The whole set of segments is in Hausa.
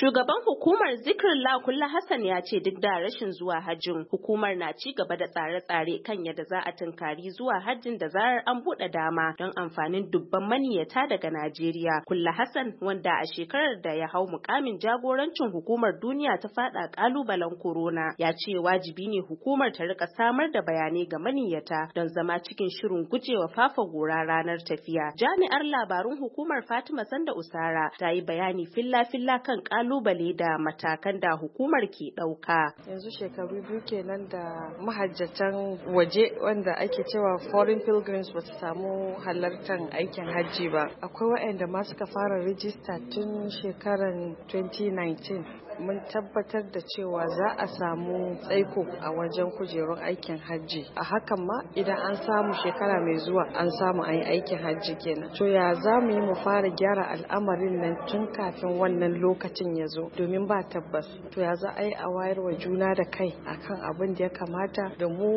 Shugaban hukumar Zikrillah Kulla Hassan ya ce duk da rashin zuwa hajjin hukumar na ci gaba da tsare-tsare kan yadda za a tunkari zuwa hajjin da zarar an buɗe dama don amfanin dubban maniyata daga Najeriya. Kulla Hassan wanda a shekarar da ya hau mukamin jagorancin hukumar duniya ta faɗa kalubalen corona ya ce wajibi ne hukumar ta rika samar da bayanai ga maniyata don zama cikin shirin gujewa fafa gora ranar tafiya. Jami'ar labarun hukumar Fatima Sanda Usara ta yi bayani filla-filla kan kalubalen kalubale da matakan da hukumar ke ɗauka. Yanzu shekaru biyu kenan da mahajjatan waje wanda ake cewa foreign pilgrims ba su samu halartar aikin hajji ba. Akwai waɗanda ma suka fara rijista tun shekarar 2019. mun tabbatar da cewa za a samu tsaiko a wajen kujerun aikin hajji a hakan ma idan an samu shekara mai zuwa an samu an yi aikin hajji kenan to ya za mu yi mu fara gyara al'amarin nan tun kafin wannan lokacin ya zo domin ba tabbas to ya za a yi a wayar wa juna da kai akan abin da ya kamata da mu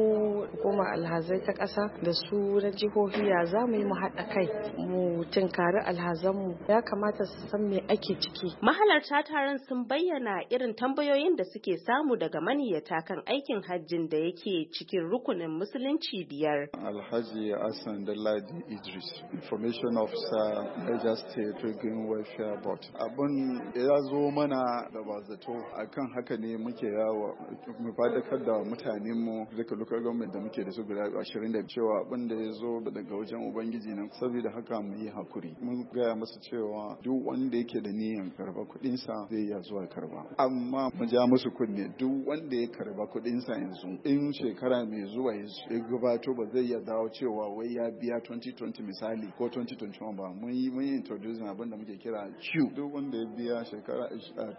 goma alhazai ta ƙasa da su na jihohi ya za mu yi mu haɗa kai mu tunkari alhazanmu ya kamata su san me ake ciki mahalarta taron sun bayyana magana irin tambayoyin da suke samu daga maniyyata kan aikin hajjin da yake cikin rukunin musulunci biyar. Alhaji Hassan Daladi Idris, Information Officer, Major State Pilgrim Welfare Board. Abin ya zo mana da ba zato kan haka ne muke yawa mu fadakar da mutanen mu duka local government da muke da su guda ashirin da cewa abin da ya zo daga wajen ubangiji nan saboda haka mu yi hakuri. Mun gaya masa cewa duk wanda yake da niyyar karba kuɗinsa zai iya zuwa karba. amma mu ja musu kunne duk wanda ya karba kuɗin sa yanzu in shekara mai zuwa ya gabato ba zai iya dawo cewa wai ya biya 2020 misali ko 2021 ba mun yi mun introduce abin da muke kira Q duk wanda ya biya shekara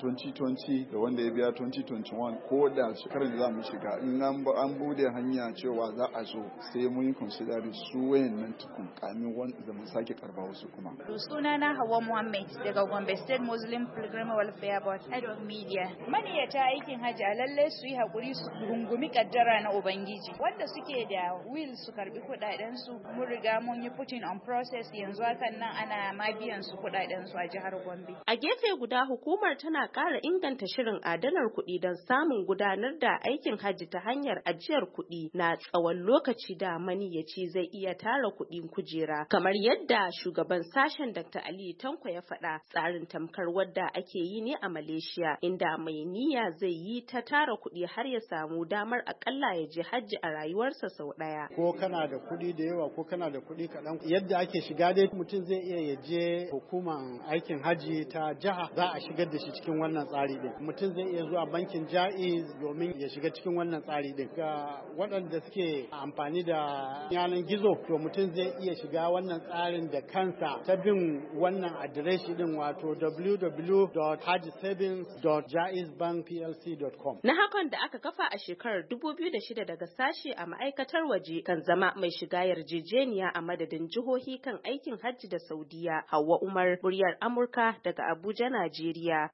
2020 eh, da wanda ya biya 2021 ko da shekarar da za mu shiga in an bude hanya cewa za a zo sai mun yi consider su wayannan tukun kamin wanda mu sake karba wasu kuma sunana Hawa Muhammad daga Gombe State Muslim Pilgrim Welfare Board head of media maniyata aikin hajji a lalle su yi hakuri su rungumi ƙaddara na ubangiji wanda suke da will su karbi kudaden su mun riga mun yi putting on process yanzu hakan nan ana ma biyan su kudaden su a jihar Gombe a gefe guda hukumar tana ƙara inganta shirin adanar kuɗi don samun gudanar da aikin hajji ta hanyar ajiyar kuɗi na tsawon lokaci da maniyaci zai iya tara kuɗin kujera kamar yadda shugaban sashen Dr. Ali Tanko ya faɗa tsarin tamkar wadda ake yi ne a Malaysia inda mai niyya zai yi ta tara kuɗi har ya samu damar akalla ya je hajji a rayuwarsa sau ɗaya. Ko kana da kuɗi da yawa ko kana da kuɗi kaɗan yadda ake shiga dai mutum zai iya ya je hukuman aikin hajji ta jiha za a shigar da shi cikin wannan tsari ɗin. Mutum zai iya zuwa bankin ja'i domin ya shiga cikin wannan tsari ɗin. Ga waɗanda suke amfani da yanar gizo to mutum zai iya shiga wannan tsarin da kansa ta bin wannan adireshi ɗin wato www.hajjisavings www.jaizbankplc.com. Na hakan da aka kafa a shekarar 2006 daga sashe a ma'aikatar waje kan zama mai shiga yarjejeniya a madadin jihohi kan aikin hajji da Saudiya. Hauwa Umar, muryar Amurka daga Abuja, Najeriya.